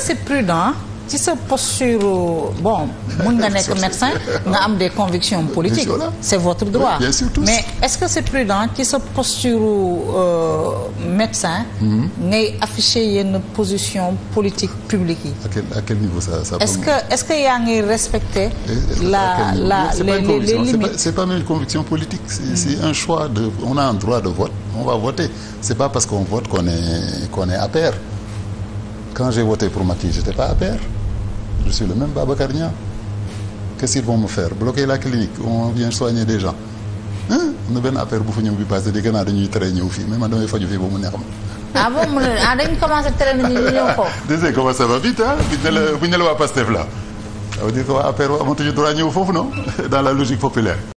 que c'est prudent ci sa posture bon mën nga nekk médecin nga am des convictions politiques c'est votre droit oui, bien sûr, tous. mais est-ce que c'est prudent ci sa posture euh, médecin mhm. ngay mm -hmm. afficher yenn position politique publique yi à quel, à est-ce que est-ce que yaa ngi respecter la la les, les, les limites c'est pas, pas même une conviction politique c'est mm -hmm. un choix de on a un de vote on va voter c'est pas parce qu'on vote qu'on est Quand j'ai voté pour Macky, j'étais pas à pair. Je suis le même Babacar Niang. Qu'est-ce qu'ils vont me la clinique, on vient soigner des gens. Hein? Am na benn affaire bu ñëw bi passé di gannaaw dañuy tere ñëw fii mais man damay faju fii ba mu neex ma. ah bon mu ne ah dañu commencé tere nit ñi ñu ñëw foofu. désolé comment ça va vite ah ne la buñ ne la waa la. ça veut dire que waa APR amatuñu droit ñëw foofu non dans la logique populaire.